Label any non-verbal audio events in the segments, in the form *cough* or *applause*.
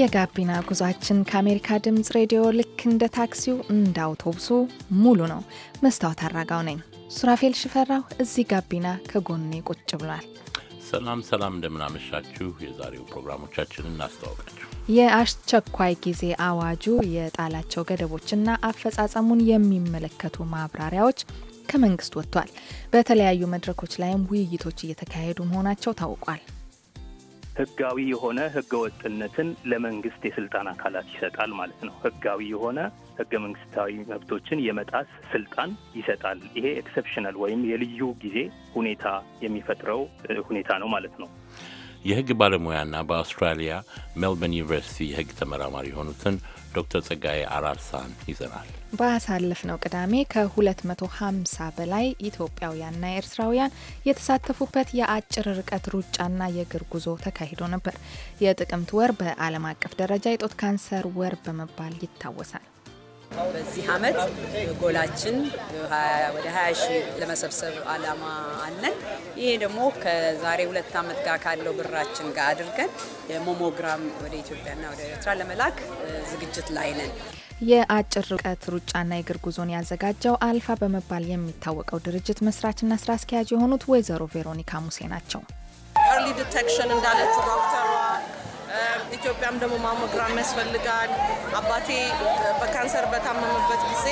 የጋቢና ጉዟችን ከአሜሪካ ድምፅ ሬዲዮ ልክ እንደ ታክሲው እንደ አውቶቡሱ ሙሉ ነው። መስታወት አራጋው ነኝ። ሱራፌል ሽፈራው እዚህ ጋቢና ከጎኔ ቁጭ ብሏል። ሰላም ሰላም፣ እንደምናመሻችሁ። የዛሬው ፕሮግራሞቻችን እናስተዋውቃችሁ። የአስቸኳይ ጊዜ አዋጁ የጣላቸው ገደቦችና አፈጻጸሙን የሚመለከቱ ማብራሪያዎች ከመንግስት ወጥቷል። በተለያዩ መድረኮች ላይም ውይይቶች እየተካሄዱ መሆናቸው ታውቋል። ህጋዊ የሆነ ህገ ወጥነትን ለመንግስት የስልጣን አካላት ይሰጣል ማለት ነው። ህጋዊ የሆነ ህገ መንግስታዊ መብቶችን የመጣስ ስልጣን ይሰጣል። ይሄ ኤክሰፕሽናል ወይም የልዩ ጊዜ ሁኔታ የሚፈጥረው ሁኔታ ነው ማለት ነው። የህግ ባለሙያና በአውስትራሊያ ሜልበርን ዩኒቨርሲቲ የህግ ተመራማሪ የሆኑትን ዶክተር ጸጋዬ አራርሳን ይዘናል። ባሳለፍ ነው ቅዳሜ ከ250 በላይ ኢትዮጵያውያንና ኤርትራውያን የተሳተፉበት የአጭር ርቀት ሩጫና የእግር ጉዞ ተካሂዶ ነበር። የጥቅምት ወር በዓለም አቀፍ ደረጃ የጡት ካንሰር ወር በመባል ይታወሳል። በዚህ አመት ጎላችን ወደ 20 ሺህ ለመሰብሰብ አላማ አለን። ይሄ ደግሞ ከዛሬ ሁለት አመት ጋር ካለው ብራችን ጋር አድርገን ሞሞግራም ወደ ኢትዮጵያና ወደ ኤርትራ ለመላክ ዝግጅት ላይ ነን። የአጭር ርቀት ሩጫና የእግር ጉዞን ያዘጋጀው አልፋ በመባል የሚታወቀው ድርጅት መስራችና ስራ አስኪያጅ የሆኑት ወይዘሮ ቬሮኒካ ሙሴ ናቸው። ኤርሊ ዲቴክሽን እንዳለችው ዶክተሯ ኢትዮጵያም ደግሞ ማሞግራም ያስፈልጋል። አባቴ በካንሰር በታመመበት ጊዜ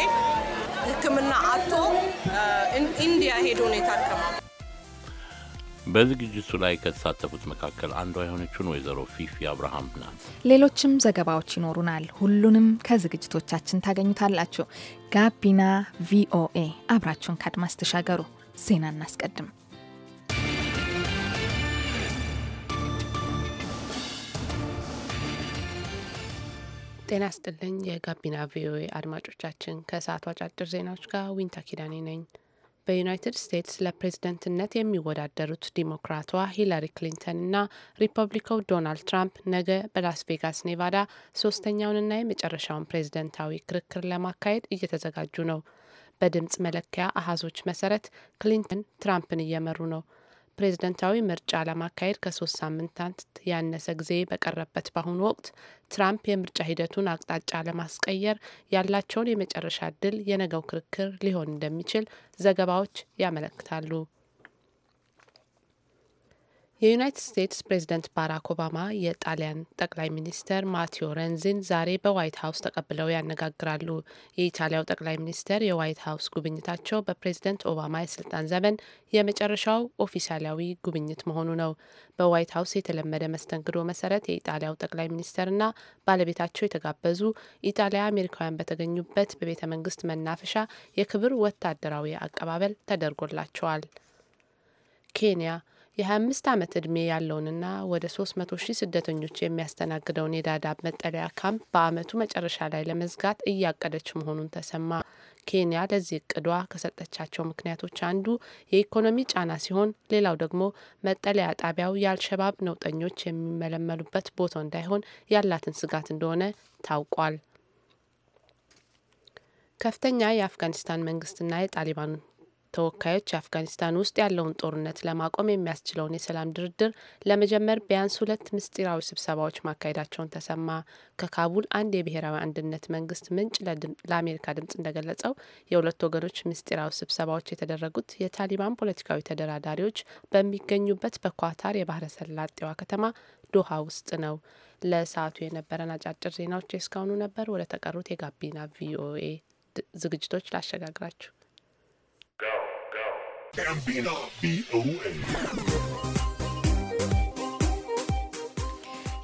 ሕክምና አቶ ኢንዲያ ሄዶ ነው የታከመው። በዝግጅቱ ላይ ከተሳተፉት መካከል አንዷ የሆነችውን ወይዘሮ ፊፊ አብርሃም ናት። ሌሎችም ዘገባዎች ይኖሩናል። ሁሉንም ከዝግጅቶቻችን ታገኙታላችሁ። ጋቢና ቪኦኤ፣ አብራችሁን ከአድማስ ተሻገሩ። ዜና እናስቀድም። ጤና ስጥልኝ የጋቢና ቪኦኤ አድማጮቻችን፣ ከሰዓቱ አጫጭር ዜናዎች ጋር ዊንታ ኪዳኔ ነኝ። በዩናይትድ ስቴትስ ለፕሬዝደንትነት የሚወዳደሩት ዲሞክራቷ ሂላሪ ክሊንተን እና ሪፐብሊካው ዶናልድ ትራምፕ ነገ በላስ ቬጋስ ኔቫዳ ሶስተኛውንና የመጨረሻውን ፕሬዝደንታዊ ክርክር ለማካሄድ እየተዘጋጁ ነው። በድምፅ መለኪያ አሃዞች መሰረት ክሊንተን ትራምፕን እየመሩ ነው። ፕሬዝደንታዊ ምርጫ ለማካሄድ ከሶስት ሳምንታት ያነሰ ጊዜ በቀረበት በአሁኑ ወቅት ትራምፕ የምርጫ ሂደቱን አቅጣጫ ለማስቀየር ያላቸውን የመጨረሻ እድል የነገው ክርክር ሊሆን እንደሚችል ዘገባዎች ያመለክታሉ። የዩናይትድ ስቴትስ ፕሬዝደንት ባራክ ኦባማ የጣሊያን ጠቅላይ ሚኒስተር ማቴዎ ረንዚን ዛሬ በዋይት ሀውስ ተቀብለው ያነጋግራሉ። የኢታሊያው ጠቅላይ ሚኒስተር የዋይት ሀውስ ጉብኝታቸው በፕሬዝደንት ኦባማ የስልጣን ዘመን የመጨረሻው ኦፊሳላዊ ጉብኝት መሆኑ ነው። በዋይት ሀውስ የተለመደ መስተንግዶ መሰረት የኢጣሊያው ጠቅላይ ሚኒስተርና ባለቤታቸው የተጋበዙ ኢጣሊያ አሜሪካውያን በተገኙበት በቤተ መንግስት መናፈሻ የክብር ወታደራዊ አቀባበል ተደርጎላቸዋል። ኬንያ የ25 ዓመት ዕድሜ ያለውንና ወደ 300 ሺህ ስደተኞች የሚያስተናግደውን የዳዳብ መጠለያ ካምፕ በአመቱ መጨረሻ ላይ ለመዝጋት እያቀደች መሆኑን ተሰማ። ኬንያ ለዚህ እቅዷ ከሰጠቻቸው ምክንያቶች አንዱ የኢኮኖሚ ጫና ሲሆን፣ ሌላው ደግሞ መጠለያ ጣቢያው የአልሸባብ ነውጠኞች የሚመለመሉበት ቦታ እንዳይሆን ያላትን ስጋት እንደሆነ ታውቋል። ከፍተኛ የአፍጋኒስታን መንግስትና የጣሊባን ተወካዮች አፍጋኒስታን ውስጥ ያለውን ጦርነት ለማቆም የሚያስችለውን የሰላም ድርድር ለመጀመር ቢያንስ ሁለት ምስጢራዊ ስብሰባዎች ማካሄዳቸውን ተሰማ። ከካቡል አንድ የብሔራዊ አንድነት መንግስት ምንጭ ለአሜሪካ ድምጽ እንደገለጸው የሁለት ወገኖች ምስጢራዊ ስብሰባዎች የተደረጉት የታሊባን ፖለቲካዊ ተደራዳሪዎች በሚገኙበት በኳታር የባህረ ሰላጤዋ ከተማ ዶሃ ውስጥ ነው። ለሰዓቱ የነበረን አጫጭር ዜናዎች የእስካሁኑ ነበር። ወደ ተቀሩት የጋቢና ቪኦኤ ዝግጅቶች ላሸጋግራችሁ። ጋቢና ቪኦኤ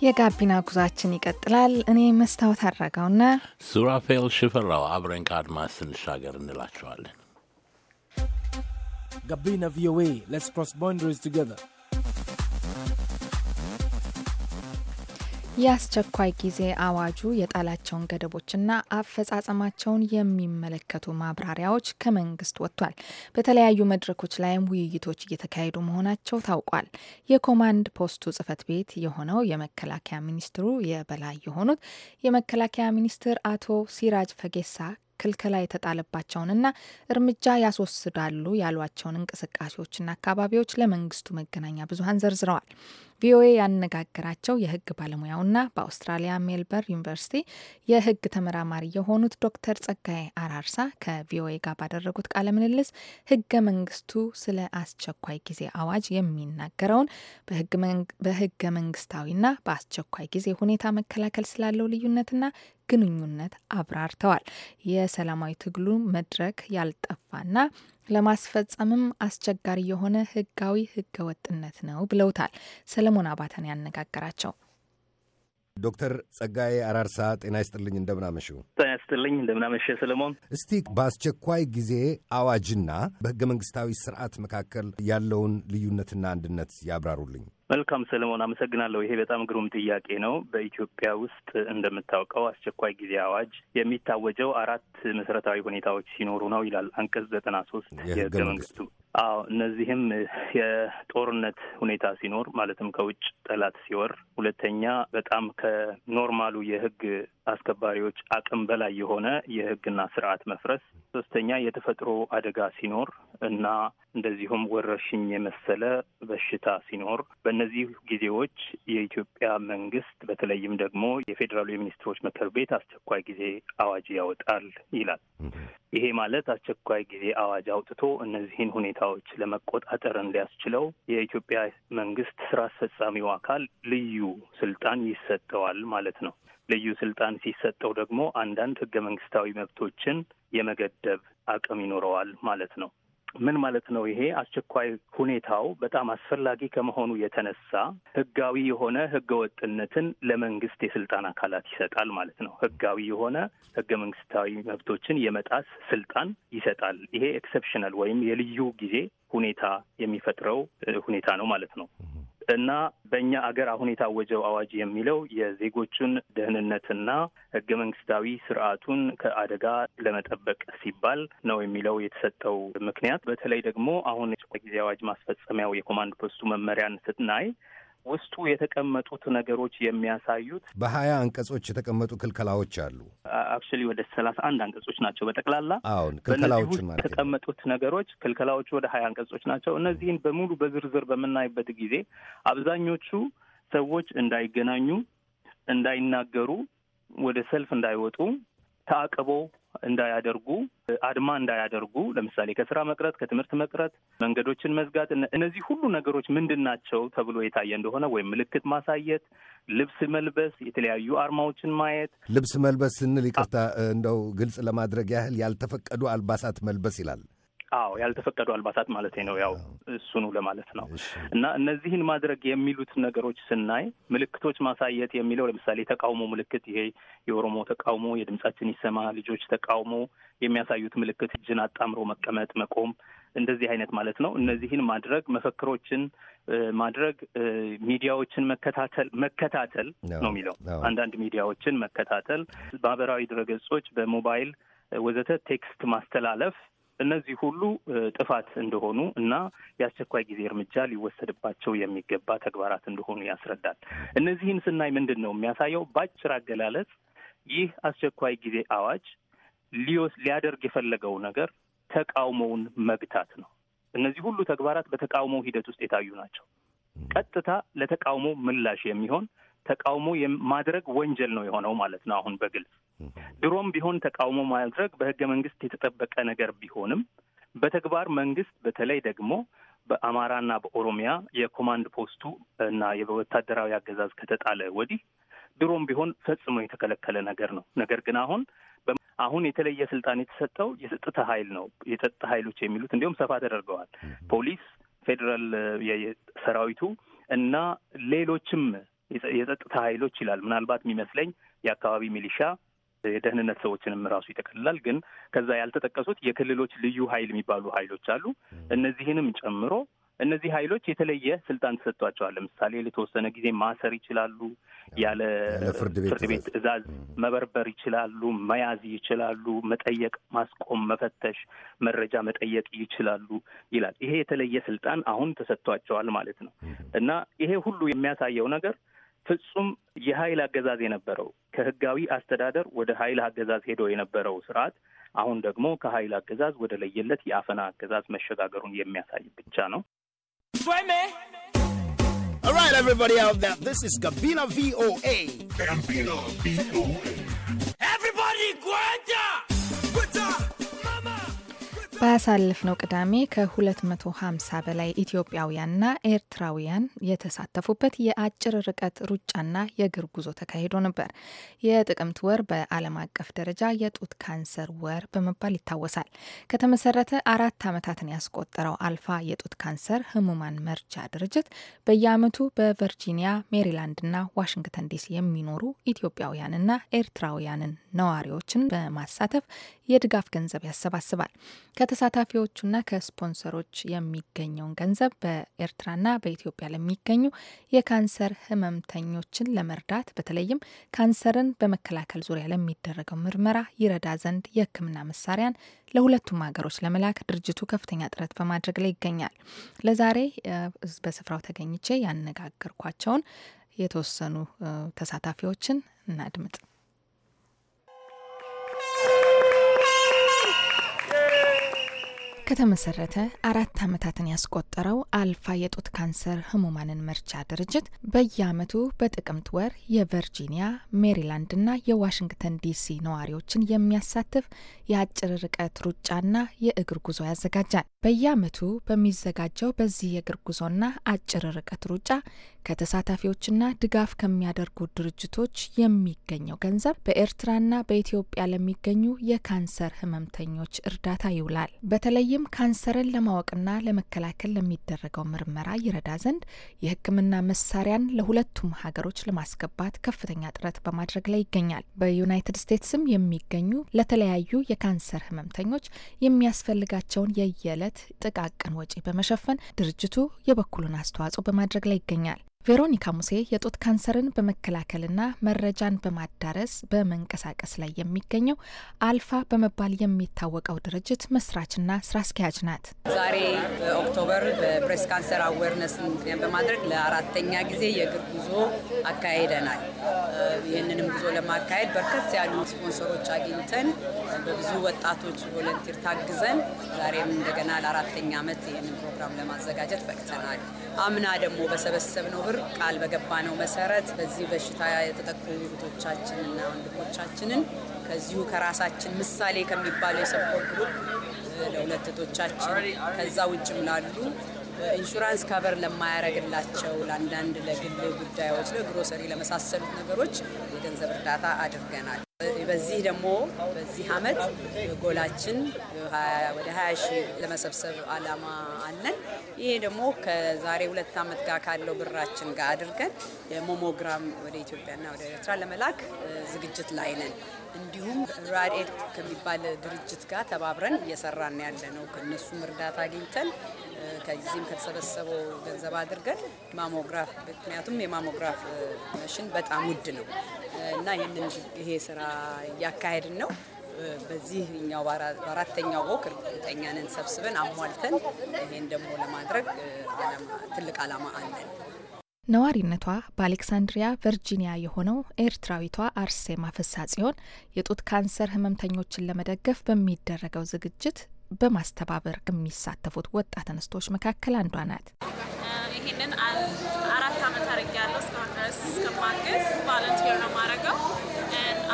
የጋቢና ጉዟችን ይቀጥላል። እኔ መስታወት አድረገውና ሱራፌል ሽፈራው አብረን ከአድማስ ስንሻገር እንላቸዋለን። ጋቢና ቪኦኤ ሌትስ ክሮስ ቦንደሪስ ቱጌዘር የአስቸኳይ ጊዜ አዋጁ የጣላቸውን ገደቦችና አፈጻጸማቸውን የሚመለከቱ ማብራሪያዎች ከመንግስት ወጥቷል። በተለያዩ መድረኮች ላይም ውይይቶች እየተካሄዱ መሆናቸው ታውቋል። የኮማንድ ፖስቱ ጽፈት ቤት የሆነው የመከላከያ ሚኒስትሩ የበላይ የሆኑት የመከላከያ ሚኒስትር አቶ ሲራጅ ፈጌሳ ክልከላ የተጣለባቸውንና እርምጃ ያስወስዳሉ ያሏቸውን እንቅስቃሴዎችና አካባቢዎች ለመንግስቱ መገናኛ ብዙሀን ዘርዝረዋል። ቪኦኤ ያነጋገራቸው የህግ ባለሙያውና በአውስትራሊያ ሜልበርን ዩኒቨርሲቲ የህግ ተመራማሪ የሆኑት ዶክተር ጸጋዬ አራርሳ ከቪኦኤ ጋር ባደረጉት ቃለ ምልልስ ህገ መንግስቱ ስለ አስቸኳይ ጊዜ አዋጅ የሚናገረውን በህገ መንግስታዊና በአስቸኳይ ጊዜ ሁኔታ መከላከል ስላለው ልዩነትና ግንኙነት አብራርተዋል። የሰላማዊ ትግሉ መድረክ ያልጠፋና ለማስፈጸምም አስቸጋሪ የሆነ ህጋዊ ህገወጥነት ነው ብለውታል። ሰለሞን አባተን ያነጋገራቸው ዶክተር ጸጋዬ አራርሳ ጤና ይስጥልኝ፣ እንደምናመሽ ጤና ይስጥልኝ፣ እንደምናመሽ ሰለሞን። እስቲ በአስቸኳይ ጊዜ አዋጅና በህገ መንግስታዊ ስርዓት መካከል ያለውን ልዩነትና አንድነት ያብራሩልኝ። መልካም ሰለሞን፣ አመሰግናለሁ። ይሄ በጣም ግሩም ጥያቄ ነው። በኢትዮጵያ ውስጥ እንደምታውቀው አስቸኳይ ጊዜ አዋጅ የሚታወጀው አራት መሰረታዊ ሁኔታዎች ሲኖሩ ነው ይላል አንቀጽ ዘጠና ሶስት የህገ መንግስቱ። አዎ እነዚህም የጦርነት ሁኔታ ሲኖር ማለትም ከውጭ ጠላት ሲወር፣ ሁለተኛ በጣም ከኖርማሉ የህግ አስከባሪዎች አቅም በላይ የሆነ የህግና ስርዓት መፍረስ፣ ሶስተኛ የተፈጥሮ አደጋ ሲኖር፣ እና እንደዚሁም ወረርሽኝ የመሰለ በሽታ ሲኖር በእነዚህ ጊዜዎች የኢትዮጵያ መንግስት በተለይም ደግሞ የፌዴራሉ የሚኒስትሮች ምክር ቤት አስቸኳይ ጊዜ አዋጅ ያወጣል ይላል። ይሄ ማለት አስቸኳይ ጊዜ አዋጅ አውጥቶ እነዚህን ሁኔታዎች ለመቆጣጠር እንዲያስችለው የኢትዮጵያ መንግስት ስራ አስፈጻሚው አካል ልዩ ስልጣን ይሰጠዋል ማለት ነው። ልዩ ስልጣን ሲሰጠው ደግሞ አንዳንድ ህገ መንግስታዊ መብቶችን የመገደብ አቅም ይኖረዋል ማለት ነው። ምን ማለት ነው? ይሄ አስቸኳይ ሁኔታው በጣም አስፈላጊ ከመሆኑ የተነሳ ህጋዊ የሆነ ህገወጥነትን ለመንግስት የስልጣን አካላት ይሰጣል ማለት ነው። ህጋዊ የሆነ ህገ መንግስታዊ መብቶችን የመጣስ ስልጣን ይሰጣል። ይሄ ኤክሰፕሽናል ወይም የልዩ ጊዜ ሁኔታ የሚፈጥረው ሁኔታ ነው ማለት ነው እና በእኛ አገር አሁን የታወጀው አዋጅ የሚለው የዜጎቹን ደህንነትና ህገ መንግስታዊ ስርዓቱን ከአደጋ ለመጠበቅ ሲባል ነው የሚለው የተሰጠው ምክንያት። በተለይ ደግሞ አሁን ጊዜ አዋጅ ማስፈጸሚያው የኮማንድ ፖስቱ መመሪያን ስትናይ ውስጡ የተቀመጡት ነገሮች የሚያሳዩት በሀያ አንቀጾች የተቀመጡ ክልከላዎች አሉ። አክቹዋሊ ወደ ሰላሳ አንድ አንቀጾች ናቸው በጠቅላላ አሁን ክልከላዎች የተቀመጡት ነገሮች ክልከላዎቹ ወደ ሀያ አንቀጾች ናቸው። እነዚህን በሙሉ በዝርዝር በምናይበት ጊዜ አብዛኞቹ ሰዎች እንዳይገናኙ፣ እንዳይናገሩ፣ ወደ ሰልፍ እንዳይወጡ፣ ታቅቦ እንዳያደርጉ አድማ እንዳያደርጉ ለምሳሌ ከስራ መቅረት፣ ከትምህርት መቅረት፣ መንገዶችን መዝጋት እነዚህ ሁሉ ነገሮች ምንድን ናቸው ተብሎ የታየ እንደሆነ ወይም ምልክት ማሳየት፣ ልብስ መልበስ፣ የተለያዩ አርማዎችን ማየት። ልብስ መልበስ ስንል ይቅርታ እንደው ግልጽ ለማድረግ ያህል ያልተፈቀዱ አልባሳት መልበስ ይላል። አዎ ያልተፈቀዱ አልባሳት ማለት ነው። ያው እሱኑ ለማለት ነው። እና እነዚህን ማድረግ የሚሉት ነገሮች ስናይ ምልክቶች ማሳየት የሚለው ለምሳሌ የተቃውሞ ምልክት ይሄ የኦሮሞ ተቃውሞ፣ የድምጻችን ይሰማ ልጆች ተቃውሞ የሚያሳዩት ምልክት እጅን አጣምሮ መቀመጥ፣ መቆም እንደዚህ አይነት ማለት ነው። እነዚህን ማድረግ መፈክሮችን ማድረግ ሚዲያዎችን መከታተል መከታተል ነው የሚለው አንዳንድ ሚዲያዎችን መከታተል፣ ማህበራዊ ድረገጾች በሞባይል ወዘተ ቴክስት ማስተላለፍ እነዚህ ሁሉ ጥፋት እንደሆኑ እና የአስቸኳይ ጊዜ እርምጃ ሊወሰድባቸው የሚገባ ተግባራት እንደሆኑ ያስረዳል። እነዚህን ስናይ ምንድን ነው የሚያሳየው? በአጭር አገላለጽ ይህ አስቸኳይ ጊዜ አዋጅ ሊወስ ሊያደርግ የፈለገው ነገር ተቃውሞውን መግታት ነው። እነዚህ ሁሉ ተግባራት በተቃውሞ ሂደት ውስጥ የታዩ ናቸው። ቀጥታ ለተቃውሞ ምላሽ የሚሆን ተቃውሞ ማድረግ ወንጀል ነው የሆነው ማለት ነው። አሁን በግልጽ ድሮም ቢሆን ተቃውሞ ማድረግ በህገ መንግስት የተጠበቀ ነገር ቢሆንም በተግባር መንግስት በተለይ ደግሞ በአማራና በኦሮሚያ የኮማንድ ፖስቱ እና የወታደራዊ አገዛዝ ከተጣለ ወዲህ ድሮም ቢሆን ፈጽሞ የተከለከለ ነገር ነው። ነገር ግን አሁን አሁን የተለየ ስልጣን የተሰጠው የጸጥታ ኃይል ነው። የጸጥታ ኃይሎች የሚሉት እንዲሁም ሰፋ ተደርገዋል። ፖሊስ፣ ፌዴራል ሰራዊቱ እና ሌሎችም የጸጥታ ኃይሎች ይላል። ምናልባት የሚመስለኝ የአካባቢ ሚሊሻ የደህንነት ሰዎችንም ራሱ ይጠቀልላል። ግን ከዛ ያልተጠቀሱት የክልሎች ልዩ ኃይል የሚባሉ ኃይሎች አሉ። እነዚህንም ጨምሮ እነዚህ ኃይሎች የተለየ ስልጣን ተሰጥቷቸዋል። ለምሳሌ ለተወሰነ ጊዜ ማሰር ይችላሉ፣ ያለ ፍርድ ቤት ትዕዛዝ መበርበር ይችላሉ፣ መያዝ ይችላሉ፣ መጠየቅ፣ ማስቆም፣ መፈተሽ፣ መረጃ መጠየቅ ይችላሉ ይላል። ይሄ የተለየ ስልጣን አሁን ተሰጥቷቸዋል ማለት ነው እና ይሄ ሁሉ የሚያሳየው ነገር ፍጹም የኃይል አገዛዝ የነበረው ከህጋዊ አስተዳደር ወደ ኃይል አገዛዝ ሄዶ የነበረው ስርዓት አሁን ደግሞ ከኃይል አገዛዝ ወደ ለየለት የአፈና አገዛዝ መሸጋገሩን የሚያሳይ ብቻ ነው። All right, everybody out there, this is Gabina VOA. Gabina VOA. ባሳለፍነው ቅዳሜ ከ250 በላይ ኢትዮጵያውያንና ኤርትራውያን የተሳተፉበት የአጭር ርቀት ሩጫና የእግር ጉዞ ተካሂዶ ነበር። የጥቅምት ወር በዓለም አቀፍ ደረጃ የጡት ካንሰር ወር በመባል ይታወሳል። ከተመሰረተ አራት ዓመታትን ያስቆጠረው አልፋ የጡት ካንሰር ህሙማን መርጃ ድርጅት በየዓመቱ በቨርጂኒያ ሜሪላንድና ዋሽንግተን ዲሲ የሚኖሩ ኢትዮጵያውያንና ኤርትራውያንን ነዋሪዎችን በማሳተፍ የድጋፍ ገንዘብ ያሰባስባል። ከተሳታፊዎቹና ከስፖንሰሮች የሚገኘውን ገንዘብ በኤርትራና በኢትዮጵያ ለሚገኙ የካንሰር ህመምተኞችን ለመርዳት በተለይም ካንሰርን በመከላከል ዙሪያ ለሚደረገው ምርመራ ይረዳ ዘንድ የህክምና መሳሪያን ለሁለቱም ሀገሮች ለመላክ ድርጅቱ ከፍተኛ ጥረት በማድረግ ላይ ይገኛል። ለዛሬ በስፍራው ተገኝቼ ያነጋገርኳቸውን የተወሰኑ ተሳታፊዎችን እናድምጥ። ከተመሰረተ አራት ዓመታትን ያስቆጠረው አልፋ የጡት ካንሰር ህሙማንን መርጃ ድርጅት በየዓመቱ በጥቅምት ወር የቨርጂኒያ፣ ሜሪላንድ እና የዋሽንግተን ዲሲ ነዋሪዎችን የሚያሳትፍ የአጭር ርቀት ሩጫና የእግር ጉዞ ያዘጋጃል። በየዓመቱ በሚዘጋጀው በዚህ የእግር ጉዞና አጭር ርቀት ሩጫ ከተሳታፊዎችና ድጋፍ ከሚያደርጉ ድርጅቶች የሚገኘው ገንዘብ በኤርትራና በኢትዮጵያ ለሚገኙ የካንሰር ህመምተኞች እርዳታ ይውላል። በተለይ በተለይም ካንሰርን ለማወቅና ለመከላከል ለሚደረገው ምርመራ ይረዳ ዘንድ የሕክምና መሳሪያን ለሁለቱም ሀገሮች ለማስገባት ከፍተኛ ጥረት በማድረግ ላይ ይገኛል። በዩናይትድ ስቴትስም የሚገኙ ለተለያዩ የካንሰር ህመምተኞች የሚያስፈልጋቸውን የየዕለት ጥቃቅን ወጪ በመሸፈን ድርጅቱ የበኩሉን አስተዋጽኦ በማድረግ ላይ ይገኛል። ቬሮኒካ ሙሴ የጡት ካንሰርን በመከላከልና መረጃን በማዳረስ በመንቀሳቀስ ላይ የሚገኘው አልፋ በመባል የሚታወቀው ድርጅት መስራችና ስራ አስኪያጅ ናት። ዛሬ በኦክቶበር በፕሬስ ካንሰር አዌርነስ ምክንያት በማድረግ ለአራተኛ ጊዜ የእግር ጉዞ አካሄደናል። ይህንንም ጉዞ ለማካሄድ በርከት ያሉ ስፖንሰሮች አግኝተን በብዙ ወጣቶች ቮለንቲር ታግዘን ዛሬም እንደገና ለአራተኛ ዓመት ይህንን ፕሮግራም ለማዘጋጀት በቅተናል። አምና ደግሞ በሰበሰብ ነው ቃል በገባነው መሰረት በዚህ በሽታ የተጠቁ እህቶቻችንና ወንድሞቻችንን ከዚሁ ከራሳችን ምሳሌ ከሚባለው የሰፖርት ግሩፕ ለሁለት እህቶቻችን ከዛ ውጭም ላሉ ኢንሹራንስ ካቨር ለማያረግላቸው ለአንዳንድ ለግል ጉዳዮች፣ ለግሮሰሪ ለመሳሰሉት ነገሮች የገንዘብ እርዳታ አድርገናል። በዚህ ደግሞ በዚህ አመት ጎላችን ወደ 20 ሺህ ለመሰብሰብ አላማ አለን። ይሄ ደግሞ ከዛሬ ሁለት አመት ጋር ካለው ብራችን ጋር አድርገን የሞሞግራም ወደ ኢትዮጵያና ወደ ኤርትራ ለመላክ ዝግጅት ላይ ነን። እንዲሁም ራድኤድ ከሚባል ድርጅት ጋር ተባብረን እየሰራን ያለ ነው። ከእነሱም እርዳታ አግኝተን ከዚህም ከተሰበሰበው ገንዘብ አድርገን ማሞግራፍ ምክንያቱም የማሞግራፍ መሽን በጣም ውድ ነው እና ይህንን ይሄ ስራ እያካሄድን ነው። በዚህኛው በአራተኛው ወቅ እርግጠኛንን ሰብስበን አሟልተን ይሄን ደግሞ ለማድረግ ትልቅ ዓላማ አለን። ነዋሪነቷ በአሌክሳንድሪያ ቨርጂኒያ የሆነው ኤርትራዊቷ አርሴማ ፍሳ ሲሆን የጡት ካንሰር ህመምተኞችን ለመደገፍ በሚደረገው ዝግጅት በማስተባበር ከሚሳተፉት ወጣት አንስቶች መካከል አንዷ ናት። ይህንን አራት ዓመት አርግ ያለው እስካሁን ድረስ እስከማገዝ ቫለንቲር ነው ማድረገው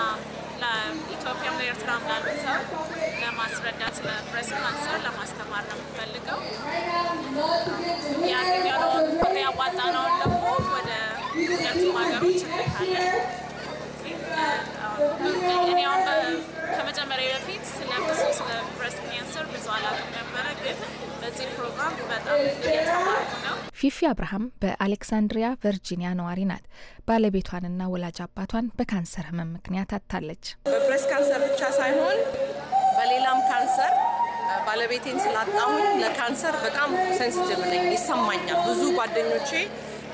um, ለኢትዮጵያም ለኤርትራም ላሉ ሰው ለማስረዳት ስለ ካንሰር ለማስተማር ነው የምንፈልገው። ያገኘነውን ያዋጣነውን ደግሞ ወደ ሁለቱም ሀገሮች እንልካለን። እኔ ከመጀመሪያ በፊት ስለ ብረስት ካንሰር ብዙ አላውቅም ነበረ፣ ግን በዚህ ፕሮግራም በጣም እየተማርኩ ነው። ፊፊ አብርሃም በአሌክሳንድሪያ ቨርጂኒያ ነዋሪ ናት። ባለቤቷንና ወላጅ አባቷን በካንሰር ህመም ምክንያት አታለች። በብረስት ካንሰር ብቻ ሳይሆን በሌላም ካንሰር ባለቤቴን ስላጣሁኝ ለካንሰር በጣም ሴንስቲቭ ነኝ፣ ይሰማኛል። ብዙ ጓደኞቼ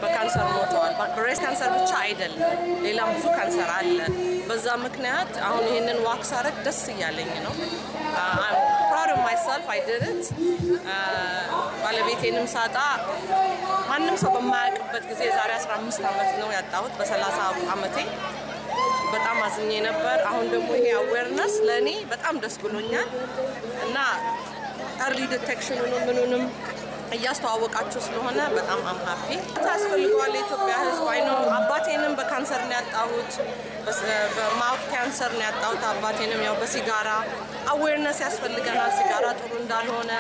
በካንሰር ሞተዋል። ብሬስ ካንሰር ብቻ አይደለም፣ ሌላም ብዙ ካንሰር አለ። በዛ ምክንያት አሁን ይህንን ዋክስ አረግ ደስ እያለኝ ነው። ፕራድ ማይሰልፍ አይደረት ባለቤቴንም ሳጣ ማንም ሰው በማያውቅበት ጊዜ የዛሬ 15 ዓመት ነው ያጣሁት። በ30 ዓመቴ በጣም አዝኜ ነበር። አሁን ደግሞ ይሄ አዌርነስ ለእኔ በጣም ደስ ብሎኛል እና ርሊ ዲቴክሽኑንም ምኑንም እያስተዋወቃችሁ ስለሆነ በጣም አም ሀፒ ታስፈልገዋል። የኢትዮጵያ ህዝብ አይኖ አባቴንም በካንሰር ነው ያጣሁት፣ በማውት ካንሰር ነው ያጣሁት። አባቴንም ያው በሲጋራ አዌርነስ ያስፈልገናል። ሲጋራ ጥሩ እንዳልሆነ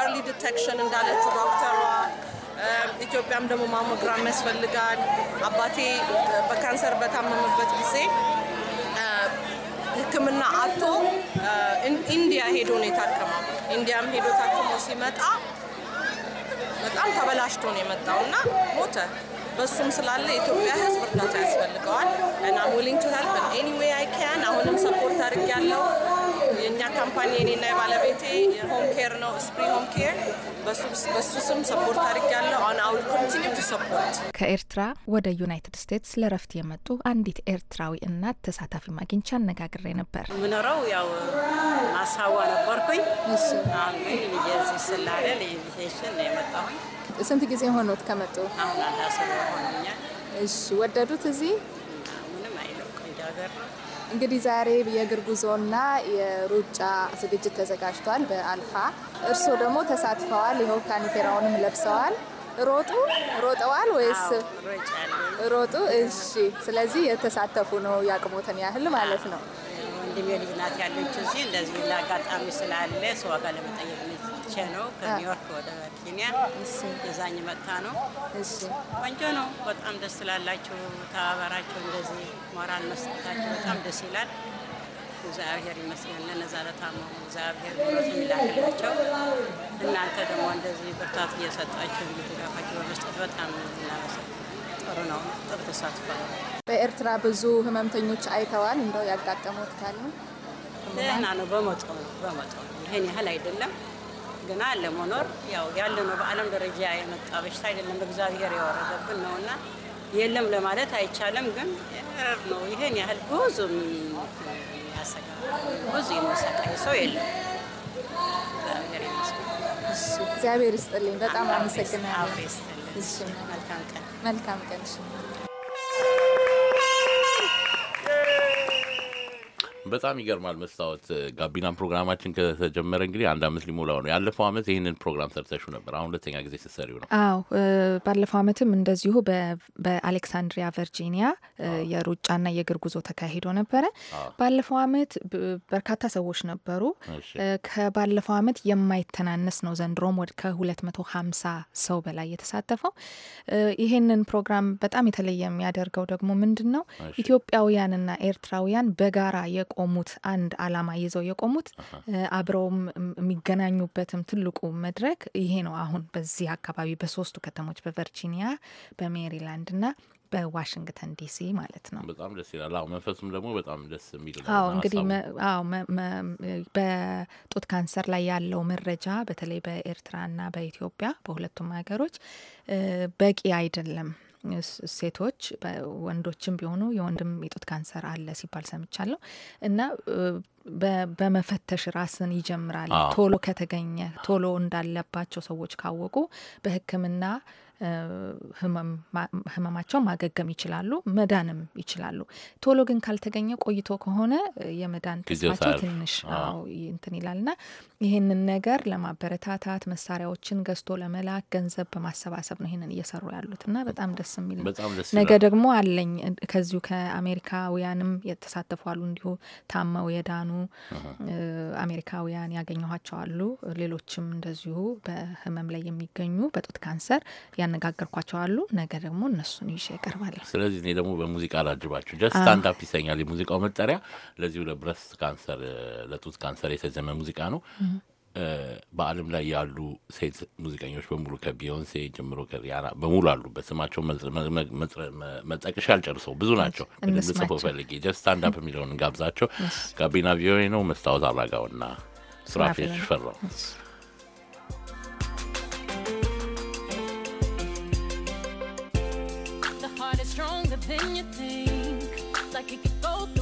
ኤርሊ ዲቴክሽን እንዳለችው ዶክተሯ ኢትዮጵያም ደግሞ ማሞግራም ያስፈልጋል። አባቴ በካንሰር በታመመበት ጊዜ ሕክምና አቶ ኢንዲያ ሄዶ ነው የታከመው። ኢንዲያም ሄዶ ታክሞ ሲመጣ በጣም ተበላሽቶ ነው የመጣው እና ሞተ። በሱም ስላለ የኢትዮጵያ ሕዝብ እርዳታ ያስፈልገዋል እና ዊሊንግ ቱ ሄልፕ ኤኒ ዌይ አይ ካን አሁንም ሰፖርት አድርግ ያለው ካምፓኒ የኔና የባለቤቴ ሆም ኬር ነው፣ ስፕሪ ሆም ኬር በሱ ስም ሰፖርት ያለው አሁን አውል ኮንቲኒ ቱ ሰፖርት። ከኤርትራ ወደ ዩናይትድ ስቴትስ ለረፍት የመጡ አንዲት ኤርትራዊ እናት ተሳታፊ ማግኝቻ አነጋግሬ ነበር። ምኖረው ያው አሳዋ ነበርኩኝ። አሁን ግን ስላለ ለኢንቪቴሽን ነው የመጣሁኝ። ስንት ጊዜ ሆኖት ከመጡ? አሁን አንድ አስር እሺ፣ ወደዱት እዚህ? ምንም አይለው ቆንጆ ሀገር ነው እንግዲህ ዛሬ የእግር ጉዞና የሩጫ ዝግጅት ተዘጋጅቷል በአልፋ። እርስዎ ደግሞ ተሳትፈዋል። ይኸው ካኒቴራውንም ለብሰዋል። ሮጡ ሮጠዋል ወይስ ሮጡ? እሺ። ስለዚህ የተሳተፉ ነው ያቅሞትን ያህል ማለት ነው። ወንድሜ ልጅ ናት ያለችው እዚህ እንደዚህ ላጋጣሚ ስላለ ሰዋጋ ለመጠየቅ መጥቼ ነው ከኒውዮርክ ወደ ኬንያ የዛኝ መጥታ ነው። ቆንጆ ነው። በጣም ደስ ስላላችሁ ተባበራችሁ። እንደዚህ ሞራል መስጠታችሁ በጣም ደስ ይላል። እግዚአብሔር ይመስገን። ለነዛ ለታመሙ እግዚአብሔር ብሮት የሚላክላቸው እናንተ ደግሞ እንደዚህ ብርታት እየሰጣችሁ ድጋፋችሁ በመስጠት በጣም ጥሩ ነው። ጥሩ ተሳትፎ ነው። በኤርትራ ብዙ ህመምተኞች አይተዋል። እንደው ያጋጠሙት ደህና ነው። ይህን ያህል አይደለም። ግን አለ ለመኖር ያው ያለ ነው። በዓለም ደረጃ የመጣ በሽታ አይደለም፣ በእግዚአብሔር የወረደብን ነው እና የለም ለማለት አይቻልም። ግን ነው ይህን ያህል ብዙ ያሰጋ ብዙ የሚሰቃይ ሰው የለም። እግዚአብሔር ይስጥልኝ። በጣም አመሰግናለሁ። መልካም ቀን። መልካም ቀን። በጣም ይገርማል። መስታወት ጋቢና ፕሮግራማችን ከተጀመረ እንግዲህ አንድ አመት ሊሞላው ነው። ያለፈው አመት ይህንን ፕሮግራም ሰርተሹ ነበር። አሁን ሁለተኛ ጊዜ ስትሰሪው ነው? አዎ፣ ባለፈው አመትም እንደዚሁ በአሌክሳንድሪያ ቨርጂኒያ የሩጫና የእግር ጉዞ ተካሂዶ ነበረ። ባለፈው አመት በርካታ ሰዎች ነበሩ። ከባለፈው አመት የማይተናነስ ነው። ዘንድሮም ወደ ከ250 ሰው በላይ የተሳተፈው። ይህንን ፕሮግራም በጣም የተለየ የሚያደርገው ደግሞ ምንድን ነው ኢትዮጵያውያንና ኤርትራውያን በጋራ የቆሙት አንድ አላማ ይዘው የቆሙት አብረውም የሚገናኙበትም ትልቁ መድረክ ይሄ ነው። አሁን በዚህ አካባቢ በሶስቱ ከተሞች በቨርጂኒያ፣ በሜሪላንድ እና በዋሽንግተን ዲሲ ማለት ነው። በጣም ደስ ይላል። አዎ መንፈሱም ደግሞ በጣም ደስ የሚል አዎ እንግዲህ አዎ በጡት ካንሰር ላይ ያለው መረጃ በተለይ በኤርትራና በኢትዮጵያ በሁለቱም ሀገሮች በቂ አይደለም ሴቶች ወንዶችም ቢሆኑ የወንድም የጡት ካንሰር አለ ሲባል ሰምቻለሁ እና በመፈተሽ ራስን ይጀምራል። ቶሎ ከተገኘ ቶሎ እንዳለባቸው ሰዎች ካወቁ በሕክምና ህመማቸው ማገገም ይችላሉ፣ መዳንም ይችላሉ። ቶሎ ግን ካልተገኘ ቆይቶ ከሆነ የመዳን ተስፋቸው ትንሽ እንትን ይላልና ይህንን ነገር ለማበረታታት መሳሪያዎችን ገዝቶ ለመላክ ገንዘብ በማሰባሰብ ነው ይህንን እየሰሩ ያሉት እና በጣም ደስ የሚል ነገ ደግሞ አለኝ ከዚሁ ከአሜሪካውያንም የተሳተፏሉ እንዲሁ ታመው የዳኑ አሜሪካውያን ያገኘኋቸው አሉ። ሌሎችም እንደዚሁ በህመም ላይ የሚገኙ በጡት ካንሰር ያነጋገርኳቸው አሉ። ነገ ደግሞ እነሱን ይዤ እቀርባለሁ። ስለዚህ እኔ ደግሞ በሙዚቃ ላጅባችሁ። ጀስት ስታንድ አፕ ይሰኛል የሙዚቃው መጠሪያ። ለዚሁ ለብረስት ካንሰር ለጡት ካንሰር የተዘመ ሙዚቃ ነው። በዓለም ላይ ያሉ ሴት ሙዚቀኞች በሙሉ ከቢዮንሴ ጀምሮ ከሪያና በሙሉ አሉበት። ስማቸው መጠቅሻ አልጨርሰው ብዙ ናቸው። ጽፎ ፈልጌ ጀስት ስታንድ አፕ የሚለውን እንጋብዛቸው። ጋቢና ቪኦኤ ነው። መስታወት አላጋውና ስራፌች ፈራው like it could go through.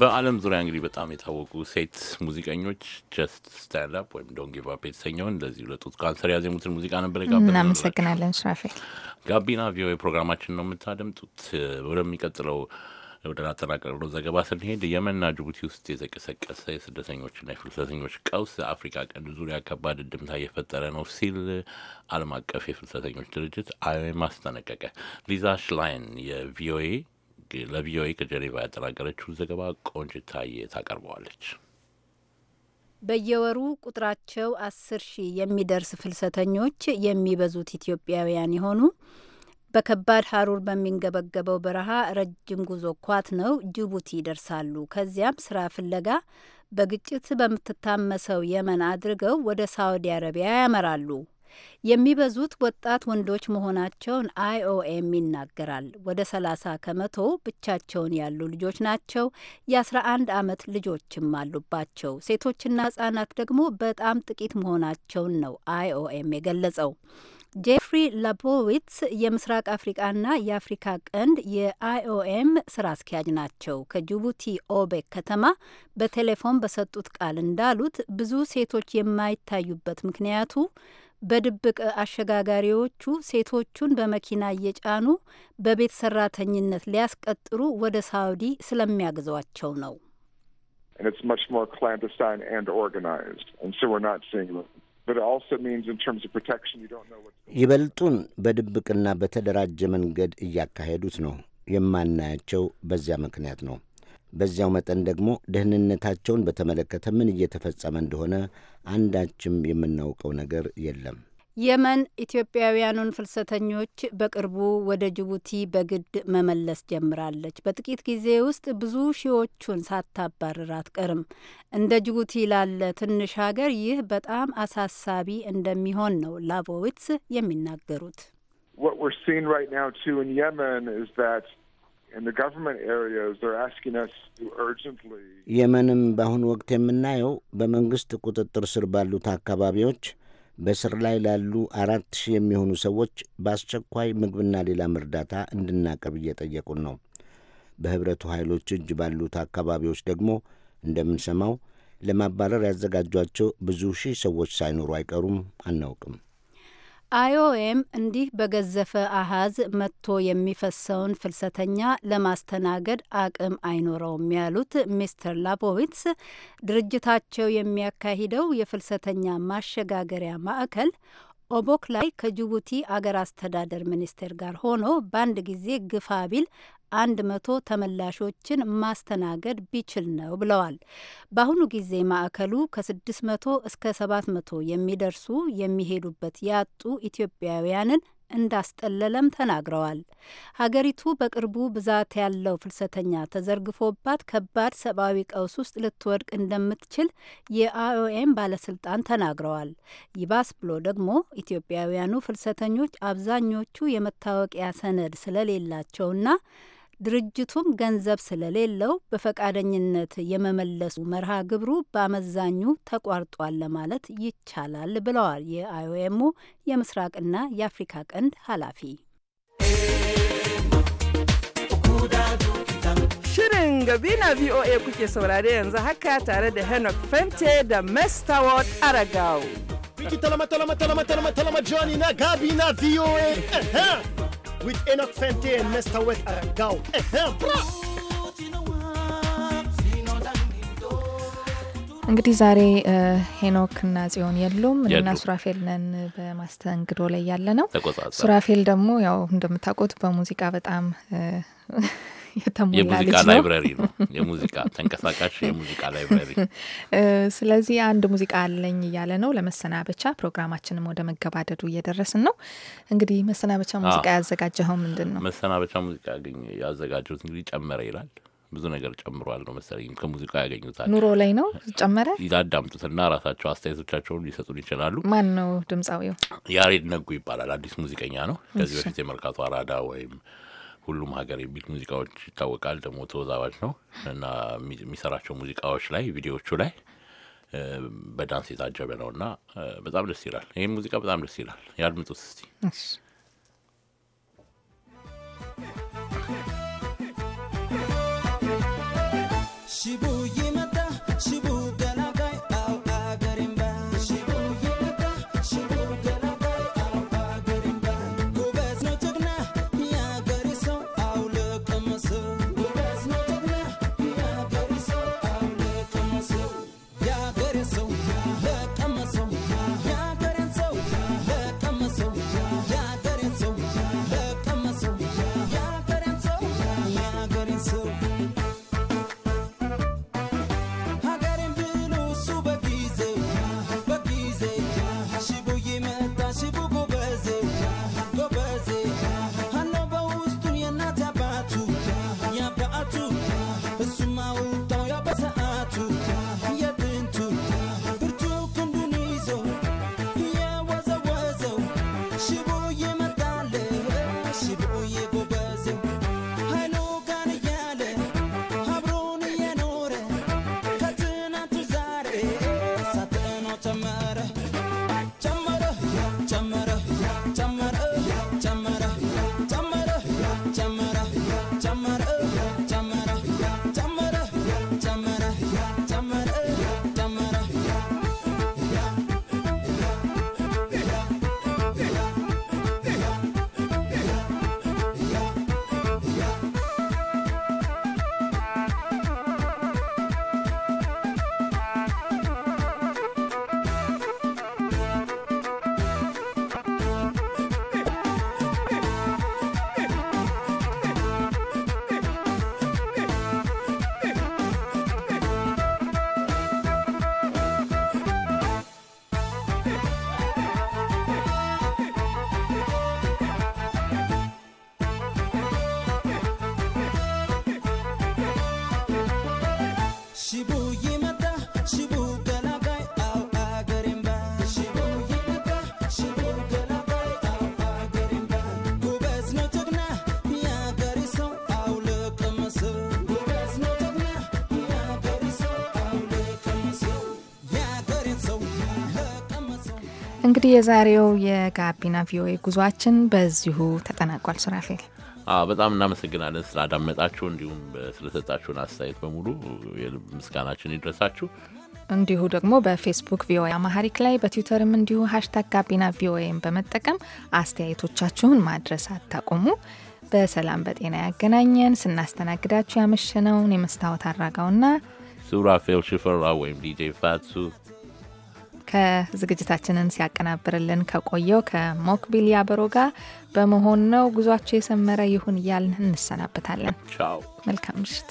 በዓለም ዙሪያ እንግዲህ በጣም የታወቁ ሴት ሙዚቀኞች ጀስት ስታንድ አፕ ወይም ዶንት ጊቭ አፕ የተሰኘውን እንደዚህ ለጡት ካንሰር ያዜሙትን ሙዚቃ ነበር ጋብዘን። እናመሰግናለን ሽራፌል። ጋቢና ቪኦኤ ፕሮግራማችን ነው የምታደምጡት። ወደሚቀጥለው ወደ አጠናቀርነው ዘገባ ስንሄድ የመንና ጅቡቲ ውስጥ የተቀሰቀሰ የስደተኞችና የፍልሰተኞች ቀውስ አፍሪካ ቀንድ ዙሪያ ከባድ እንድምታ እየፈጠረ ነው ሲል ዓለም አቀፍ የፍልሰተኞች ድርጅት አይ ኦ አስጠነቀቀ። ሊዛ ሽላይን የቪኦኤ ለቪኦኤ ከጀኔቫ ያጠናቀረችውን ዘገባ ቆንጅታዬ ታቀርበዋለች። በየወሩ ቁጥራቸው አስር ሺህ የሚደርስ ፍልሰተኞች የሚበዙት ኢትዮጵያውያን የሆኑ በከባድ ሀሩር በሚንገበገበው በረሃ ረጅም ጉዞ ኳት ነው ጅቡቲ ይደርሳሉ። ከዚያም ስራ ፍለጋ በግጭት በምትታመሰው የመን አድርገው ወደ ሳውዲ አረቢያ ያመራሉ። የሚበዙት ወጣት ወንዶች መሆናቸውን አይኦኤም ይናገራል። ወደ 30 ከመቶ ብቻቸውን ያሉ ልጆች ናቸው። የ11 ዓመት ልጆችም አሉባቸው። ሴቶችና ህጻናት ደግሞ በጣም ጥቂት መሆናቸውን ነው አይኦኤም የገለጸው። ጄፍሪ ላቦዊትስ የምስራቅ አፍሪቃና የአፍሪካ ቀንድ የአይኦኤም ስራ አስኪያጅ ናቸው። ከጅቡቲ ኦቤክ ከተማ በቴሌፎን በሰጡት ቃል እንዳሉት ብዙ ሴቶች የማይታዩበት ምክንያቱ በድብቅ አሸጋጋሪዎቹ ሴቶቹን በመኪና እየጫኑ በቤት ሰራተኝነት ሊያስቀጥሩ ወደ ሳውዲ ስለሚያግዟቸው ነው። ይበልጡን በድብቅና በተደራጀ መንገድ እያካሄዱት ነው። የማናያቸው በዚያ ምክንያት ነው። በዚያው መጠን ደግሞ ደህንነታቸውን በተመለከተ ምን እየተፈጸመ እንደሆነ አንዳችም የምናውቀው ነገር የለም። የመን ኢትዮጵያውያኑን ፍልሰተኞች በቅርቡ ወደ ጅቡቲ በግድ መመለስ ጀምራለች። በጥቂት ጊዜ ውስጥ ብዙ ሺዎቹን ሳታባርር አትቀርም። እንደ ጅቡቲ ላለ ትንሽ ሀገር ይህ በጣም አሳሳቢ እንደሚሆን ነው ላቦዊትስ የሚናገሩት። What we're seeing right now, too, in Yemen is that የመንም በአሁኑ ወቅት የምናየው በመንግሥት ቁጥጥር ስር ባሉት አካባቢዎች በስር ላይ ላሉ አራት ሺህ የሚሆኑ ሰዎች በአስቸኳይ ምግብና ሌላም እርዳታ እንድናቀርብ እየጠየቁን ነው። በኅብረቱ ኃይሎች እጅ ባሉት አካባቢዎች ደግሞ እንደምንሰማው ለማባረር ያዘጋጇቸው ብዙ ሺህ ሰዎች ሳይኖሩ አይቀሩም። አናውቅም። አይኦኤም እንዲህ በገዘፈ አሃዝ መጥቶ የሚፈሰውን ፍልሰተኛ ለማስተናገድ አቅም አይኖረውም ያሉት ሚስተር ላቦዊትስ ድርጅታቸው የሚያካሂደው የፍልሰተኛ ማሸጋገሪያ ማዕከል ኦቦክ ላይ ከጅቡቲ አገር አስተዳደር ሚኒስቴር ጋር ሆኖ በአንድ ጊዜ ግፋ ቢል አንድ መቶ ተመላሾችን ማስተናገድ ቢችል ነው ብለዋል። በአሁኑ ጊዜ ማዕከሉ ከ መቶ እስከ ሰባት መቶ የሚደርሱ የሚሄዱበት ያጡ ኢትዮጵያውያንን እንዳስጠለለም ተናግረዋል። ሀገሪቱ በቅርቡ ብዛት ያለው ፍልሰተኛ ተዘርግፎባት ከባድ ሰብአዊ ቀውስ ውስጥ ልትወድቅ እንደምትችል የአይኦኤም ባለስልጣን ተናግረዋል። ይባስ ብሎ ደግሞ ኢትዮጵያውያኑ ፍልሰተኞች አብዛኞቹ የመታወቂያ ሰነድ ስለሌላቸውና ድርጅቱም ገንዘብ ስለሌለው በፈቃደኝነት የመመለሱ መርሃ ግብሩ በአመዛኙ ተቋርጧል ለማለት ይቻላል ብለዋል የአይኦኤሙ የምስራቅና የአፍሪካ ቀንድ ኃላፊ። Shirin gabi na VOA kuke saurare yanzu haka tare da Enoch Fente da Mestaward Aragao. Wiki talama talama talama talama talama Johnny na gabi na VOA. with Enoch Fenty and Mr. Wet Aragao. እንግዲህ ዛሬ ሄኖክ እና ጽዮን የሉም እና ሱራፌል ነን በማስተንግዶ ላይ ያለ ነው። ሱራፌል ደግሞ ያው እንደምታውቁት በሙዚቃ በጣም የሙዚቃ ላይብረሪ ነው። የሙዚቃ ተንቀሳቃሽ የሙዚቃ ላይብረሪ። *laughs* ስለዚህ አንድ ሙዚቃ አለኝ እያለ ነው። ለመሰናበቻ ፕሮግራማችንም ወደ መገባደዱ እየደረስን ነው። እንግዲህ መሰናበቻ ሙዚቃ ያዘጋጀኸው ምንድን ነው? መሰናበቻ ሙዚቃ ያዘጋጀሁት እንግዲህ ጨመረ ይላል። ብዙ ነገር ጨምሯል ነው መሰለኝ። ከሙዚቃ ያገኙታል ኑሮ ላይ ነው ጨመረ። ያዳምጡትና ራሳቸው አስተያየቶቻቸውን ሊሰጡን ይችላሉ። ማን ነው ድምፃዊው? ያሬድ ነጉ ይባላል። አዲስ ሙዚቀኛ ነው። ከዚህ በፊት የመርካቶ አራዳ ወይም ሁሉም ሀገር የቢት ሙዚቃዎች ይታወቃል። ደግሞ ተወዛዋጅ ነው እና የሚሰራቸው ሙዚቃዎች ላይ ቪዲዮዎቹ ላይ በዳንስ የታጀበ ነው እና በጣም ደስ ይላል። ይህም ሙዚቃ በጣም ደስ ይላል። ያድምጡት እስቲ። እንግዲህ የዛሬው የጋቢና ቪኦኤ ጉዟችን በዚሁ ተጠናቋል። ሱራፌል በጣም እናመሰግናለን ስላዳመጣችሁ፣ እንዲሁም ስለሰጣችሁን አስተያየት በሙሉ የልብ ምስጋናችን ይድረሳችሁ። እንዲሁ ደግሞ በፌስቡክ ቪኦኤ አማሃሪክ ላይ በትዊተርም እንዲሁ ሀሽታግ ጋቢና ቪኦኤን በመጠቀም አስተያየቶቻችሁን ማድረስ አታቆሙ። በሰላም በጤና ያገናኘን። ስናስተናግዳችሁ ያመሸነውን የመስታወት አራጋውና ሱራፌል ሽፈራ ወይም ዲጄ ፋቱ ከዝግጅታችንን ሲያቀናብርልን ከቆየው ከሞክቢል ያበሮ ጋር በመሆን ነው። ጉዟቸው የሰመረ ይሁን እያልን እንሰናበታለን። መልካም ምሽት።